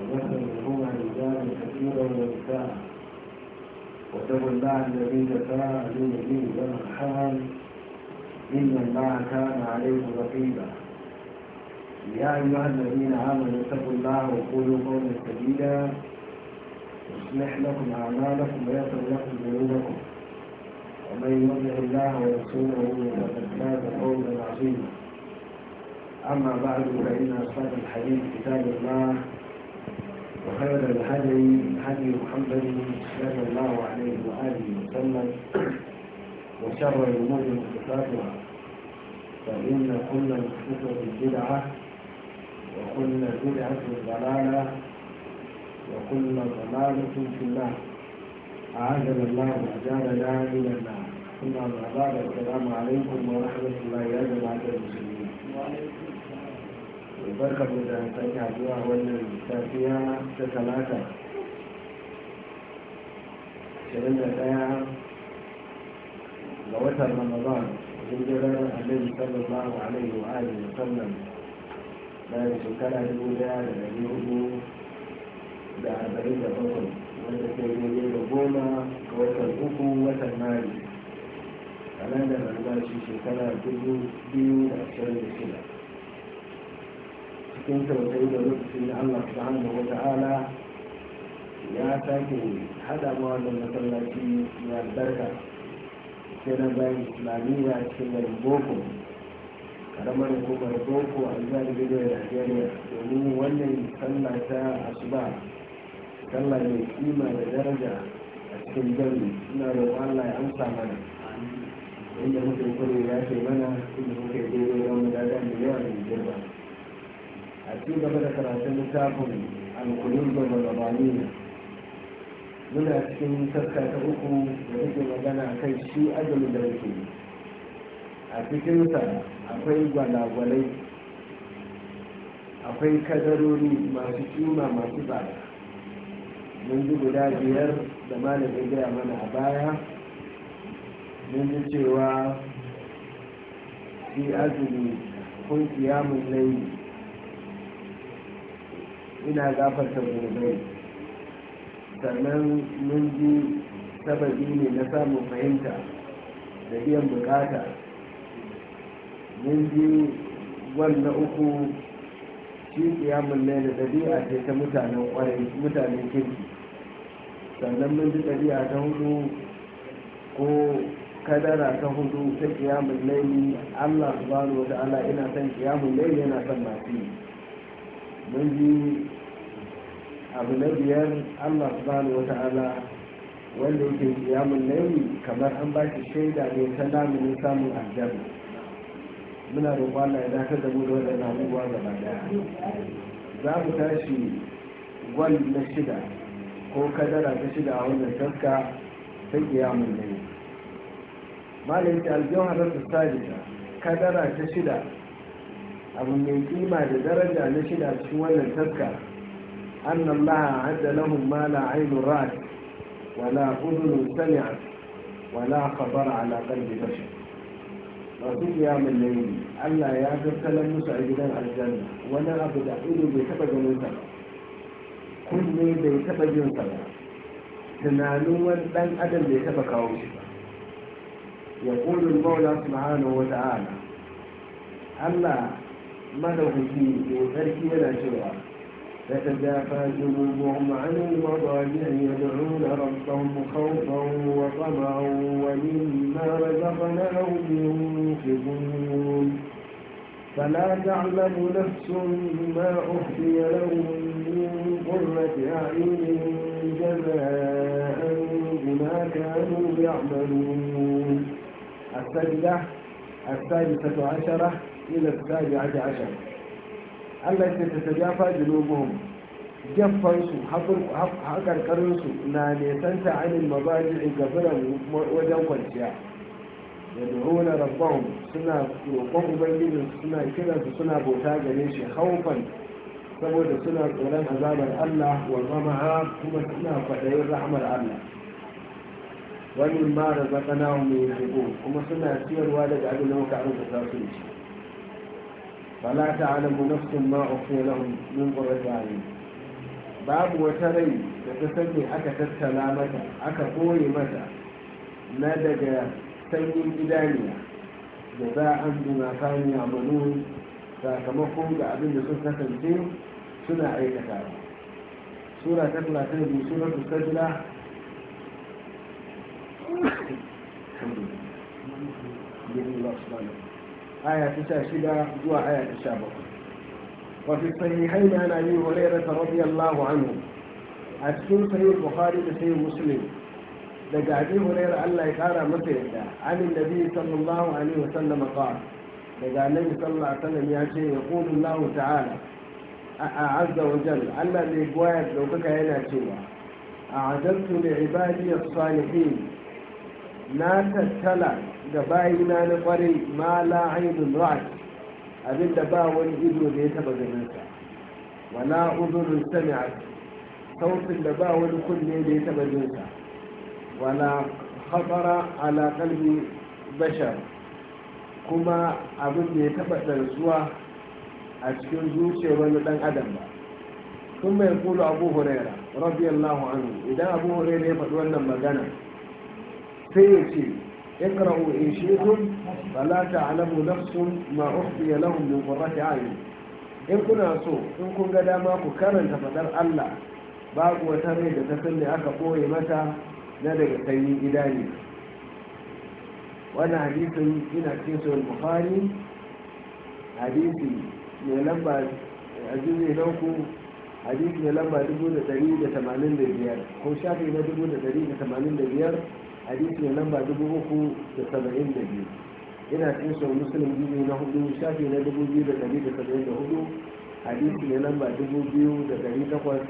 وبث منهما رجالا كثيرا ونساء واتقوا الله الذي تساءلون به والارحام ان الله كان عليه رقيبا يا ايها الذين امنوا اتقوا الله وقولوا قولا سديدا يصلح لكم اعمالكم ويغفر لكم ذنوبكم ومن يطع الله ورسوله فقد فاز قولا عظيما اما بعد فان اصحاب الحديث كتاب الله وخير الهدي هدي محمد صلى الله عليه وآله وسلم وشر الأمور محدثاتها فإن كل محدثة بدعة وكل بدعة ضلالة وكل ضلالة في الله أعاذنا الله وأجارنا من النار ثم أما بعد السلام عليكم ورحمة الله يا جماعة المسلمين وعليكم barka mu da sake haduwa wannan safiya ta talata 21 ga watan ramadan jirgirar annabi sallallahu alaihi wa alihi wa sallam bayan shekara dubu daya da dari hudu da arba'in da bakwai wanda ke daidai da goma ga watan uku watan mari a nan da shi shekara dubu biyu da ashirin da shida cikin tausayi da lokacin da Allah subhanahu wa ta'ala ya sake hada ma da masallaci ya albarka sai na bayan islamiyya cikin garin boko karamar hukumar boko a zalibi da najeriya domin wannan sallah ta asuba sallah mai kima da daraja a cikin jami suna da wala ya amsa mana inda mutum kure ya ce mana inda yi daidai ya mu miliyan da girba a ci gaba da karatun littafin alkulun da mazabani muna cikin sassa ta uku da take magana kai shi azumi da yake a cikinsa akwai gwalagwalai akwai kadarori masu kima masu tsada mun ji guda biyar da malamin gaya mana a baya mun ji cewa shi azumi kun kiyamun layi ina gafarta gobe sannan mun ji sababi ne na samun fahimta da biyan bukata mun ji wanda uku shi kiyamun ne da ɗabi'a ce ta mutanen kwarai mutanen kirki sannan mun ji ɗabi'a ta hudu ko kadara ta hudu ta kiyamun laili allah subhanahu wa ta'ala ina son kiyamun laili yana son masu yi mun ji abu na biyar allah subhanahu wa ta'ala wanda yake kiyamun laili kamar an ba shi shaida ne ta namun samun aljanna muna da kwana ya dakatar da mu da waɗannan abubuwa gaba daya za mu tashi gwal na shida ko kadara ta shida a wannan taska ta kiyamun laili malayin ta aljihar rasu kadara ta shida abu mai kima da daraja na shida cikin wannan taska an Allah adda lahum ma la ainu ra'at wa la udhun sami'at wa la khabar ala qalbi bashar masu kiyamun laili Allah ya tattalar musu a gidan aljanna wani abu da ido bai taba ganin sa ba kunne bai taba jin sa ba tunanin wani dan adam bai taba kawo shi ba ya kulun maula subhanahu wa ta'ala Allah madaukaki mai tsarki ولا cewa تتجافى جنوبهم عن المضاجع يدعون ربهم خوفا وطمعا ومما رزقناهم ينفقون فلا تعلم نفس ما أخفي لهم من قرة أعين جزاء بما كانوا يعملون السجدة السادسة عشرة إلى السابعة عشر Allah ya ce ta jafa jinubuhum jaffansu haƙarƙarinsu na nesanta anil mabaji gabiran wajen kwanciya da duhuna rabbahum suna roƙon ubangijin suna kiransu suna bauta gare shi haufan saboda suna tsoron azabar Allah wa zama kuma suna kwaɗayin rahmar Allah wani ma da zaƙana mai kuma suna ciyarwa daga abin da muka arzuta su ci فلا تعلم نفس ما أخفي لهم من قرة أعين babu wata rai da ta sani aka tattala mata aka koye mata na daga sanyin idaniya da za a duna sani a manu sakamakon ga abin da sun kasance suna aikata sura ta talatin biyu sura ta sajila Alhamdulillah. aya ta sha shida zuwa aya ta sha bakwai wafi sahihain na yi hurera ta radiyallahu anhu a cikin sahih bukhari da sahih muslim daga abi hurera allah ya kara masa yadda anin nabi sallallahu alaihi wasallam qala daga annabi sallallahu alaihi wasallam ya ce ya yaqulu allah ta'ala azza wa jalla allah ne goya daukaka yana cewa a'adaltu li ibadi as-salihin na tattala da bayina na kwarai ma la ainun abin abinda ba wani ido da ya taba ganin wala udhurun a sautin da ba wani kunne da ya taba jin sa wala khatara ala qalbi bashar kuma abin da ya taba a cikin zuciyar wani ɗan adam ba mai kulu ثم يقول أبو هريرة idan abu hurera ya faɗi wannan magana sai ya ce. اقرأوا إن شئتم فلا تعلموا نفس ما أخفي لهم من قرة عين إن كنا سوء إن كن قد ما كرن تفدر ألا باقوة وتريد تسلي أكبوه متى ندق سيء إداني وأنا حديث إن حديث البخاري حديثي من لما أجوزي لوكو حديث من لما تريد تمانين دبو دبو دبو دبو تريد تمانين دبو hadisi mai lamba dubu uku da saba'in da biyu Ina cikin sau musulun biyu na hudu shafi na dubu biyu da dari da saba'in da hudu hadisi mai lamba dubu biyu da dari takwas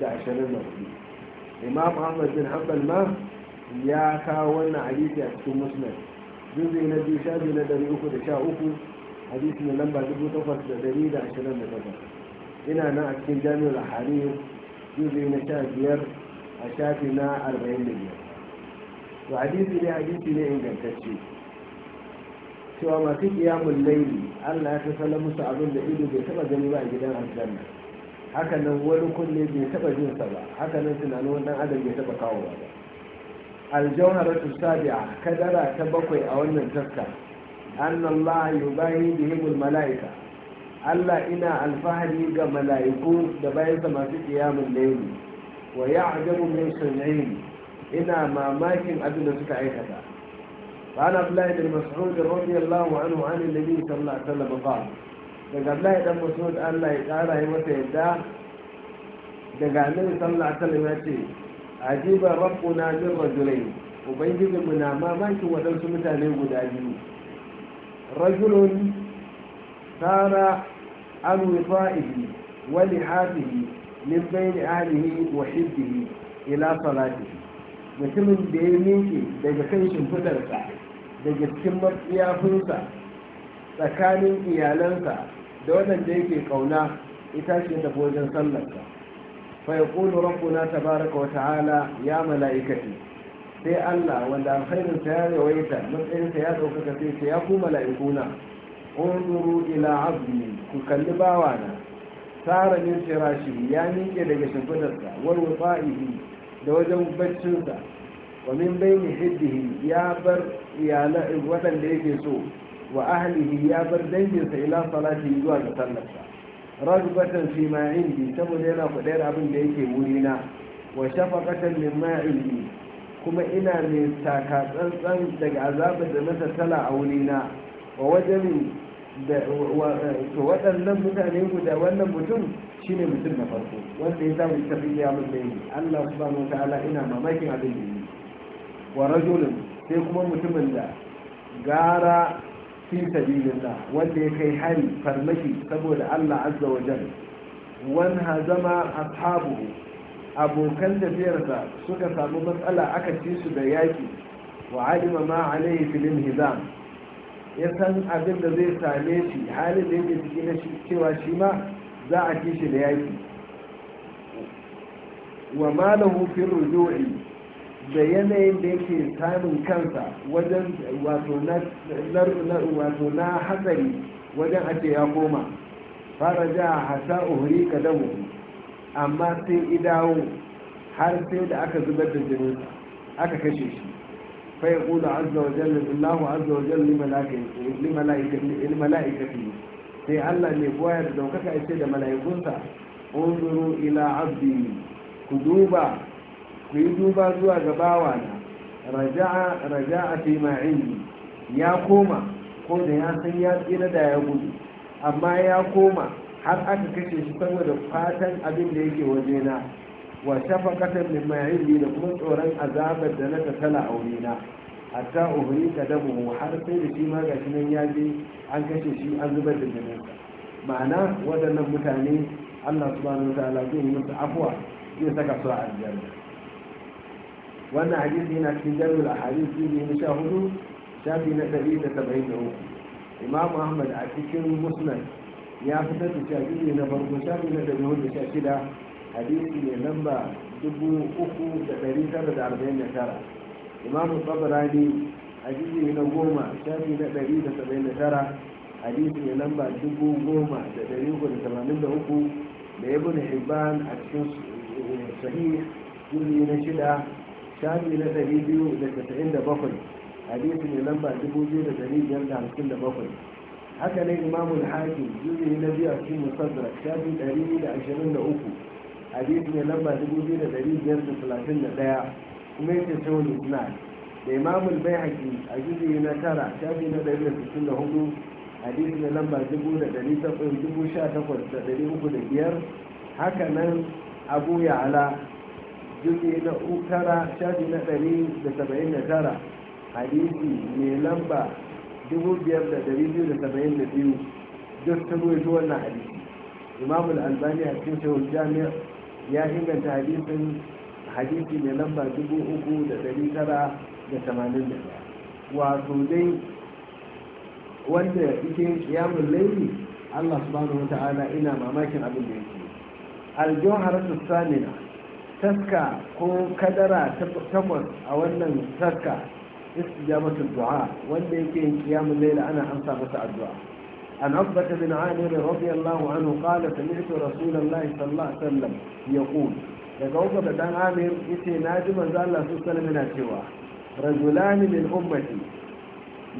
da ashirin da hudu imam ahmad bin hanbal ma ya kawo wannan hadisi a cikin musnad juzi na biyu shafi na dari uku da sha uku hadisi mai lamba dubu takwas da dari da ashirin da takwas ina nan a cikin jami'ar hariri juzi na sha biyar a shafi na arba'in da biyar Wa hadisi ne hadisi ne ingantacce cewa masu kiyamun laili allah ya tattala musu abin da ido bai taba gani ba a gidan aljanna haka nan wani kunne bai taba jin sa ba haka nan tunanin wani adam bai taba kawo ba aljawharatu sabi'a kadara ta bakwai a wannan taska Annallahu allah yubahi bihimul malaika allah ina alfahari ga mala'iku da bayansa masu kiyamun laili wa ya'jabu min sunnaini ina mamakin abin da suka aikata ba na abdullahi bin mas'ud radiyallahu anhu an annabi sallallahu alaihi wasallam ba daga abdullahi dan Allah ya yadda daga annabi sallallahu alaihi wasallam ya ce ajiba rabbuna min rajulain ubangiji mu mamakin mutane guda biyu rajulun sara an wifa'ihi wa lihafihi min bayni ahlihi wa hibbihi ila salatihi mutumin da ya miƙe daga kan shimfidarsa daga cikin matsiyafinsa tsakanin iyalansa da waɗanda yake ƙauna ita ce ta wajen sallarsa fa ya ƙulu ta tabaraka wa ta'ala ya mala'ikati sai Allah wanda ta ya rawaita matsayinsa ya ɗaukaka sai ta ya ku mala'ikuna unzuru ila abdi ku kalli bawa na. sara min firashi ya miƙe daga shimfidarsa warwa wasa'ihi da wajen baccinsa wa min baini hiddihi ya bar iyalan waɗanda yake so wa ahlihi ya bar danginsa ila salati zuwa ga sallarsa rajbatan fi ma indi saboda yana kudayar abin da yake wurina wa shafaqatan min ma indi kuma ina mai taka tsantsan daga azabar da na tattala a wurina wa wajen to waɗannan mutane guda wannan mutum shine mutum na farko wanda ya samu tafi ya mun da yi Allah subhanahu wa ta'ala ina mamakin abin da yi wa rajulun sai kuma mutumin da gara fi sabilillah wanda ya kai hari farmaki saboda Allah azza wa jalla wan hazama ashabu. abokan biyarsa suka samu matsala aka ci su da yaki wa alima ma alaihi fil hizam ya san abin da zai same shi halin da yake jiki na cewa shi ma za a ci shi da yaki wa malahu fi rujui da yanayin da yake samun kansa wajen wato na hatsari wajen ake ya koma fara ja hasa uhuri ka amma sai idawo har sai da aka zubar da jininsa aka kashe shi فيقول عز وجل الله عز وجل لملائكته sai Allah ne buwaya da daukaka ya da mala'ikunsa unzuru ila abdi ku duba yi duba zuwa ga bawa na raja'a raja'a ya koma ko da ya tsira da ya gudu amma ya koma har aka kashe shi saboda fatan abin da yake waje na wa shafaqatan mimma ya'ini da kuma tsoron azabar da na tattala a wurina hatta uhuri ka mu. har sai da shi ma shi nan ya je an kashe shi an zubar da jinin ma'ana waɗannan mutane Allah subhanahu wataala zai yi musu afwa zai saka su a aljanna wannan hadisi yana cikin jarul ahadith ne na sha hudu shafi na ɗari da saba'in da uku imam ahmad a cikin musnad ya fitar da shafi na farko shafi na ɗari hudu da sha shida hadisi mai lamba 3,949 imamu tsabarani hadisi na goma shafi na 179 hadisi mai lamba 10,383 da ya hibban a cikin sahih jirgi na shida shafi na 297 hadisi mai lamba 2,557 haka ne imamul haƙi jirgi na biyu a cikin musadra shafi 123 hadisi ne lamba ɗaya. kuma yake wani isnad da imam bai baihaqi a juzuyi na tara shafi na hudu. hadisi ne lamba biyar. haka nan abu ala. juzuyi na tara shafi na tara. hadisi ne lamba biyu. duk ta ruwaito wannan hadisi Imamul albani a cikin shahul jami'a ya inganta hadisin hadisi mai lamba 3,981 wato dai wanda yake kiyamun laifi? Allah subhanahu ta'ala ina mamakin abin da yake aljoharatu samina taska ko kadara takwas a wannan taska istijabatul du'a wanda yake kiyamun laili ana amsa masa addu'a عن عقبة بن عامر رضي الله عنه قال سمعت رسول الله صلى الله عليه وسلم يقول daga uku da dan amir yace na ji manzo Allah su sallama yana cewa rajulani min ummati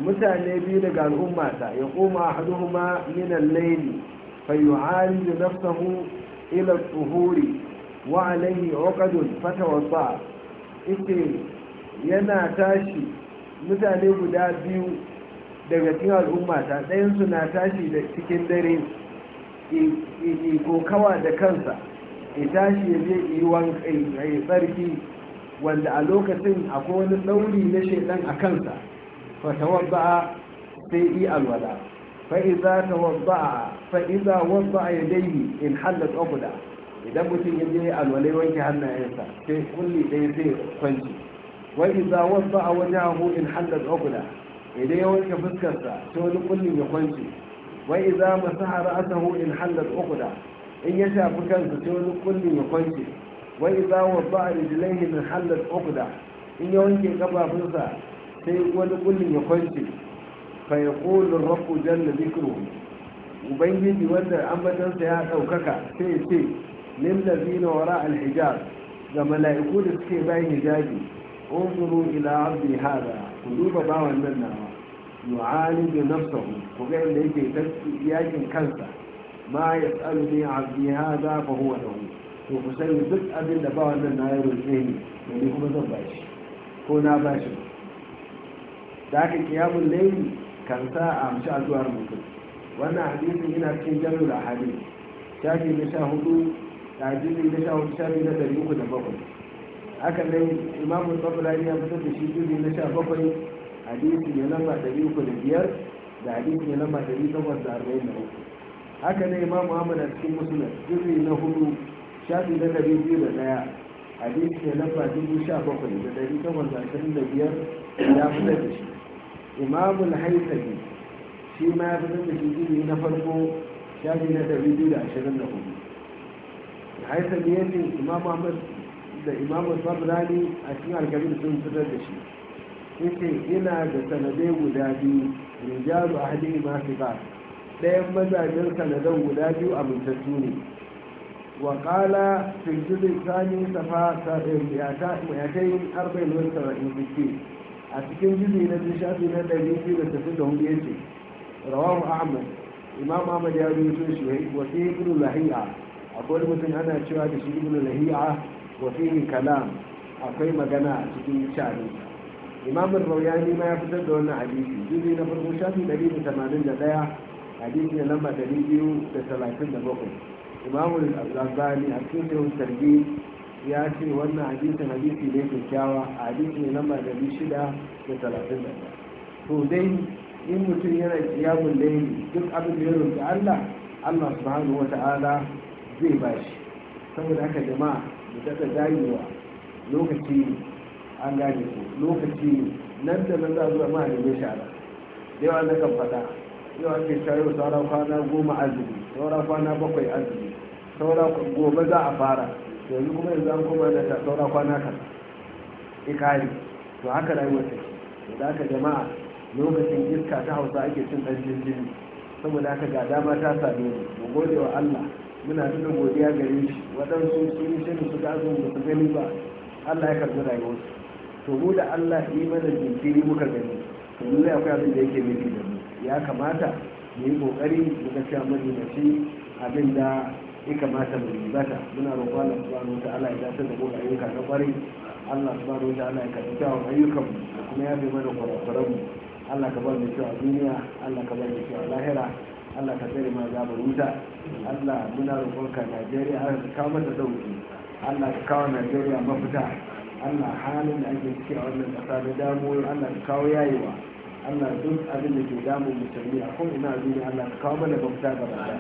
mutane biyu daga al'ummata ya koma ahaduhuma min al-layli fa yu'aliju nafsahu ila tuhuri wa alayhi uqadun fatawadda Ita yana tashi mutane guda biyu daga cikin al'ummata ɗayan su na tashi da cikin dare kokawa da kansa ya tashi ya je yi wankai tsarki wanda a lokacin akwai wani ɗauri na shaidan a kansa fatawabba sai yi alwala fa'iza a fa'iza wabba ya daini in hallat oguda idan mutum ya je alwalai wanke hannayensa sai kulli ɗaya sai kwanci wa'iza wabba a wajahu in hallat oguda idan ya wanke fuskarsa ta wani kullum ya kwance wa idza masaha ra'sahu in hallat uqda in ya shafi kansa ta wani kullum ya kwance wa idza wada'a rijlaihi in hallat uqda in ya wanke kafafunsa sai wani kullum ya kwance fa yaqulu rabbu jalla dhikruhu ubangiji wanda sa ya daukaka sai ya ce lil ladina wara al hijab ga mala'iku da suke bayan hijabi unzuru ila abdi ku duba bawan nan nawa bi nafsihi ku ga inda yake tafi yakin kansa ma ya tsalu ne abdi hada fa huwa lahu to ku sai duk abin da bawan nan na ya roƙe ni da ni kuma zan bashi ko na shi da ka kiyamun laili kansa a amshi addu'ar mutum wannan hadisin yana cikin jarul ahadith shafi na sha hudu tajiri na sha shafi na ɗari uku da bakwai haka nan imamu tsabalani ya fitar da shi juzi na sha bakwai hadisi ne lamba ɗari uku da biyar da hadisi ne lamba ɗari takwas da arba'in da uku haka nan imamu amina cikin musulun juzi na hudu shafi na ɗari biyu da ɗaya hadisi ne lamba dubu sha bakwai da ɗari takwas da ashirin da biyar ya fitar da shi imamu haitami shi ma ya fitar da shi juzi na farko shafi na ɗari biyu da ashirin da hudu haisa ya ce imamu ahmad da imamu sabrani a cikin alkabir sun fitar da shi yace ina da sanadai guda biyu rijalu ahli ma ba ɗayan mazajen sanadan guda biyu amintattu ne wa qala fi juz'i thani safa eh, ta'in arba'in wa sab'in biyu a cikin juz'i na shafi na ɗari biyu da tafi da hudu yace rawahu ahmad imam ahmad ya rubuto shi wa fi ibnu lahiya. akwai mutum ana cewa da shi ibnu lahiya? wa fihi kalam akwai magana a cikin shari imamun rauyani ma ya fitar da wannan hadisi juzi na farko shafi 181 hadisi na lamba 237 imamun al-azani a cikin yawon sarbi ya ce wannan hadisin hadisi ne kyakkyawa a hadisi ne lamba 631 to dai in mutum yana kiyamun laili duk abin da ya roƙi Allah Allah subhanahu wata'ala zai bashi saboda haka jama'a da ta ganewa lokaci an gane ku. lokaci nan da nan za a zuwa ma ya shara da yawa na kan faɗa yau ake shayar saura kwana goma azumi saura kwana bakwai azumi saura gobe za a fara yanzu kuma yanzu an koma da ta saura kwana kan ikari to haka rayuwar ce. da haka jama'a lokacin iska ta hausa ake cin ɗan jinjini saboda haka ga dama ta same mu mu gode wa Allah muna nuna godiya gare shi waɗansu sun yi shirin su gazo da su gani ba allah ya karɓi rayuwarsu to mu da allah yi mana jinkiri muka gani to lallai akwai abin da yake nufi da mu ya kamata mu yi ƙoƙari mu ga cewa shi abin da ya kamata mu yi ribata muna roƙon allah subhanahu wa ta'ala ya dace da mu ayyuka na ƙwarai allah subhanahu wa ta'ala ya karɓi kyawun ayyukanmu kuma ya bi mana mu allah ka ba mu kyau a duniya allah ka ba mu kyau a lahira Allah ka tsere ma zabar wuta Allah muna roƙonka Najeriya har ka kawo mata dauki Allah ka kawo Najeriya mafita Allah halin da ake ciki a wannan ƙasa da damuwa Allah ka kawo yayewa Allah duk abin da ke damun musulmi a kuma ina duniya Allah ka kawo mana mafita gaba ɗaya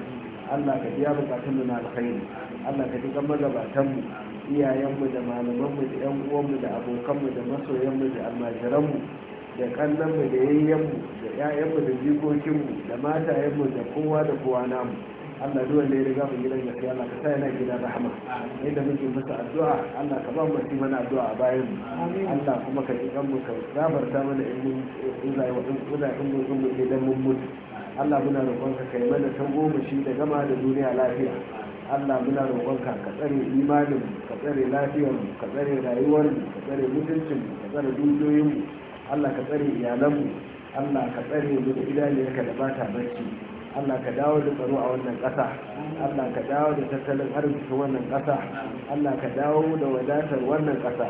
Allah ka biya bukatun mu na alkhairi Allah ka tuka magabatan mu iyayenmu da malamanmu da 'yan uwanmu da abokanmu da masoyanmu da almajiranmu da kallonmu da yayyanmu da yayanmu da jikokinmu da matayenmu da kowa da kowa namu Allah duk ne riga mu gidan gaskiya Allah ka sa yana gidan rahama da muke masa addu'a Allah ka ba mu shi mana addu'a a bayan Allah kuma ka ji mu ka gabarta mana in mun uzai wa in idan mun mutu Allah muna roƙonka kai mana ta goma shi da gama da duniya lafiya Allah muna roƙonka ka tsare imanin ka tsare lafiyar ka tsare rayuwar ka tsare mutuncin ka tsare dukiyoyin Allah ka tsare iyalanmu Allah ka tsare mu da ka da bata barci Allah ka dawo da tsaro a wannan ƙasa Allah ka dawo da tattalin arziki wannan ƙasa Allah ka dawo da wadatar wannan ƙasa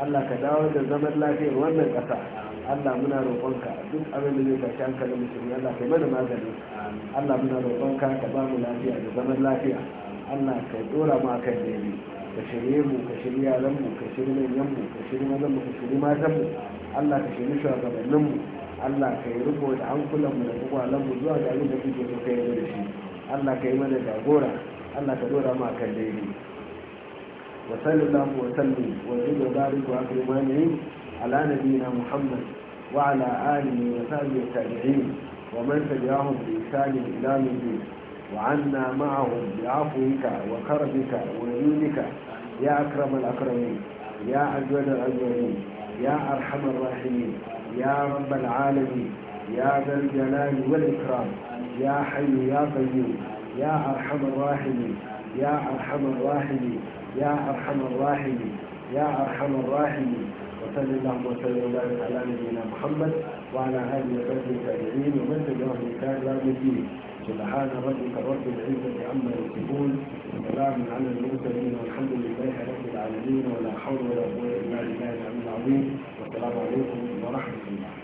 Allah ka dawo da zaman lafiyar wannan ƙasa Allah muna roƙonka duk abin da zai tashi hankalin musulmi Allah kai mana magani Allah muna roƙonka ka ba mu lafiya da zaman lafiya Allah ka dora mu akan daidai ka shirye mu ka shirye yaran mu ka shirye manyan mu ka shirye mazan mu ka shirye matan mu Allah ka shirye shugabannin mu Allah ka yi riko da hankulan mu da kwakwalan mu zuwa ga da kuke so ka yi da shi Allah ka yi mana jagora Allah ka dora mu akan daidai wa sallallahu wa sallim wa zid barik wa akrim aminin ala nabiyyina muhammad wa ala alihi wa sahbihi tabi'in wa man tabi'ahum bi ihsan ila yawm الدين وعنا معهم بعفوك وكرمك وجودك يا أكرم الأكرمين يا أجود الأجودين يا أرحم الراحمين يا رب العالمين يا ذا الجلال والإكرام يا حي يا قيوم يا أرحم الراحمين يا أرحم الراحمين يا أرحم الراحمين يا أرحم الراحمين وصلى اللهم وسلم وبارك على نبينا محمد وعلى آله وصحبه أجمعين ومن تبعهم بإحسان إلى الدين سبحان ربك رب العزة عما يصفون وسلام على المرسلين والحمد لله رب العالمين ولا حول ولا قوة إلا بالله العلي العظيم والسلام عليكم ورحمة الله